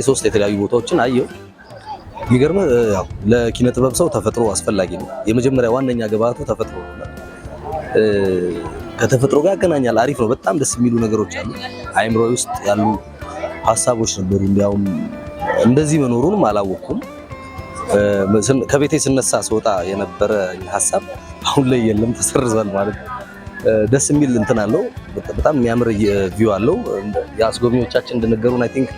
የሶስት የተለያዩ ቦታዎችን አየው። የሚገርም ያው ለኪነ ጥበብ ሰው ተፈጥሮ አስፈላጊ ነው። የመጀመሪያ ዋነኛ ግብአቱ ተፈጥሮ ነው። ከተፈጥሮ ጋር ያገናኛል። አሪፍ ነው። በጣም ደስ የሚሉ ነገሮች አሉ። አይምሮ ውስጥ ያሉ ሀሳቦች ነበሩ። እንዲያውም እንደዚህ መኖሩንም አላወቅኩም። ከቤቴ ስነሳ ስወጣ የነበረ ሀሳብ አሁን ላይ የለም፣ ተሰርዟል ማለት ነው። ደስ የሚል እንትን አለው። በጣም የሚያምር ቪው አለው። የአስጎብኚዎቻችን እንደነገሩን አይ ቲንክ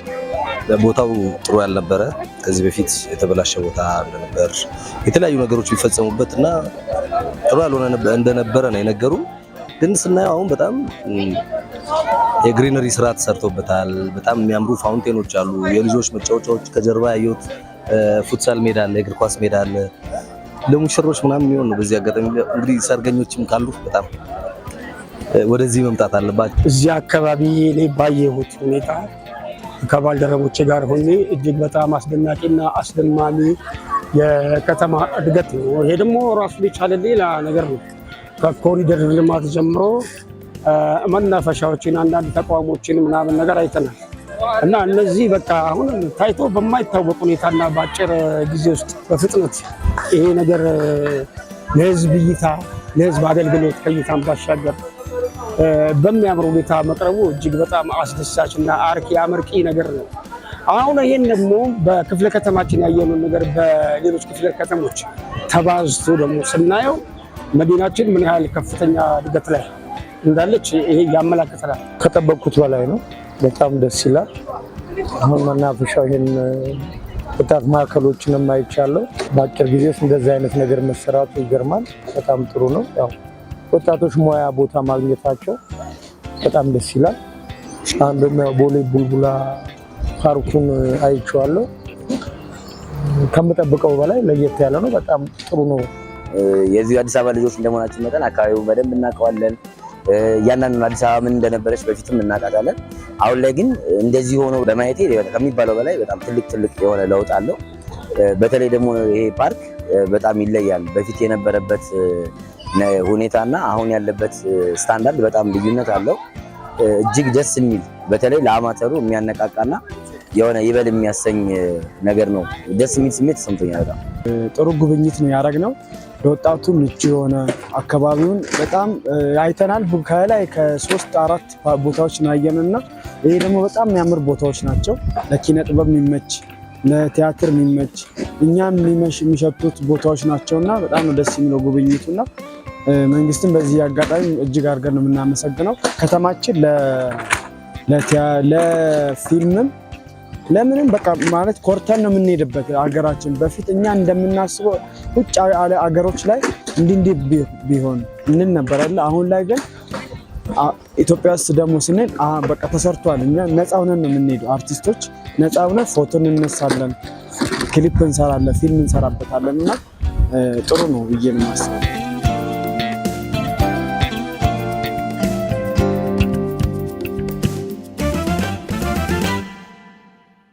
ቦታው ጥሩ ያልነበረ ከዚህ በፊት የተበላሸ ቦታ እንደነበር የተለያዩ ነገሮች ቢፈጸሙበት እና ጥሩ ያልሆነ እንደነበረ ነው የነገሩ። ግን ስናየው አሁን በጣም የግሪነሪ ስራ ተሰርቶበታል። በጣም የሚያምሩ ፋውንቴኖች አሉ፣ የልጆች መጫወቻዎች፣ ከጀርባ ያየሁት ፉትሳል ሜዳ አለ፣ የእግር ኳስ ሜዳ አለ። ለሙሽሮች ምናምን የሚሆን ነው። በዚህ አጋጣሚ እንግዲህ ሰርገኞችም ካሉ በጣም ወደዚህ መምጣት አለባቸው። እዚህ አካባቢ ላይ ባየሁት ሁኔታ ከባልደረቦቼ ጋር ሆኜ እጅግ በጣም አስደናቂና አስደማሚ የከተማ እድገት ነው። ይሄ ደግሞ ራሱ የቻለ ሌላ ነገር ነው። ከኮሪደር ልማት ጀምሮ መናፈሻዎችን፣ አንዳንድ ተቋሞችን ምናምን ነገር አይተናል እና እነዚህ በቃ አሁን ታይቶ በማይታወቅ ሁኔታና በአጭር ጊዜ ውስጥ በፍጥነት ይሄ ነገር ለህዝብ እይታ ለህዝብ አገልግሎት ከእይታም ባሻገር በሚያምር ሁኔታ መቅረቡ እጅግ በጣም አስደሳች እና አርኪ አመርቂ ነገር ነው። አሁን ይህን ደግሞ በክፍለ ከተማችን ያየነውን ነገር በሌሎች ክፍለ ከተሞች ተባዝቶ ደግሞ ስናየው መዲናችን ምን ያህል ከፍተኛ እድገት ላይ እንዳለች ይሄ ያመላክተናል። ከጠበቅኩት በላይ ነው። በጣም ደስ ይላል። አሁን መናፈሻው ይህን ወጣት ማዕከሎችንም አይቻለሁ። በአጭር ጊዜ ውስጥ እንደዚህ አይነት ነገር መሰራቱ ይገርማል። በጣም ጥሩ ነው ያው ወጣቶች ሙያ ቦታ ማግኘታቸው በጣም ደስ ይላል። አንደኛ ቦሌ ቡልቡላ ፓርኩን አይቼዋለሁ። ከምጠብቀው በላይ ለየት ያለ ነው። በጣም ጥሩ ነው። የዚሁ አዲስ አበባ ልጆች እንደመሆናችን መጠን አካባቢው በደንብ እናውቀዋለን። እያንዳንዱን አዲስ አበባ ምን እንደነበረች በፊትም እናውቃታለን። አሁን ላይ ግን እንደዚህ ሆኖ በማየቴ ከሚባለው በላይ በጣም ትልቅ ትልቅ የሆነ ለውጥ አለው። በተለይ ደግሞ ይሄ ፓርክ በጣም ይለያል። በፊት የነበረበት ሁኔታና አሁን ያለበት ስታንዳርድ በጣም ልዩነት አለው። እጅግ ደስ የሚል በተለይ ለአማተሩ የሚያነቃቃና የሆነ ይበል የሚያሰኝ ነገር ነው። ደስ የሚል ስሜት ተሰምቶኛል። በጣም ጥሩ ጉብኝት ነው ያደረግነው። ለወጣቱ ምቹ የሆነ አካባቢውን በጣም አይተናል። ከላይ ከሶስት አራት ቦታዎች ናየንና ይሄ ደግሞ በጣም የሚያምር ቦታዎች ናቸው። ለኪነ ጥበብ የሚመች ለቲያትር የሚመች እኛም የሚሸቱት ቦታዎች ናቸውና በጣም ደስ የሚለው ጉብኝቱና መንግስትን በዚህ አጋጣሚ እጅግ አድርገን ነው የምናመሰግነው። ከተማችን ለፊልምም ለምንም በቃ ማለት ኮርተን ነው የምንሄድበት። አገራችን በፊት እኛ እንደምናስበው ውጭ አገሮች ላይ እንዲህ እንዲህ ቢሆን እንል ነበር አለ። አሁን ላይ ግን ኢትዮጵያ ውስጥ ደግሞ ስንል በቃ ተሰርቷል። እኛ ነፃ ሁነን ነው የምንሄዱ። አርቲስቶች ነፃ ሁነን ፎቶ እንነሳለን፣ ክሊፕ እንሰራለን፣ ፊልም እንሰራበታለን እና ጥሩ ነው ብዬ ነው የማስበው።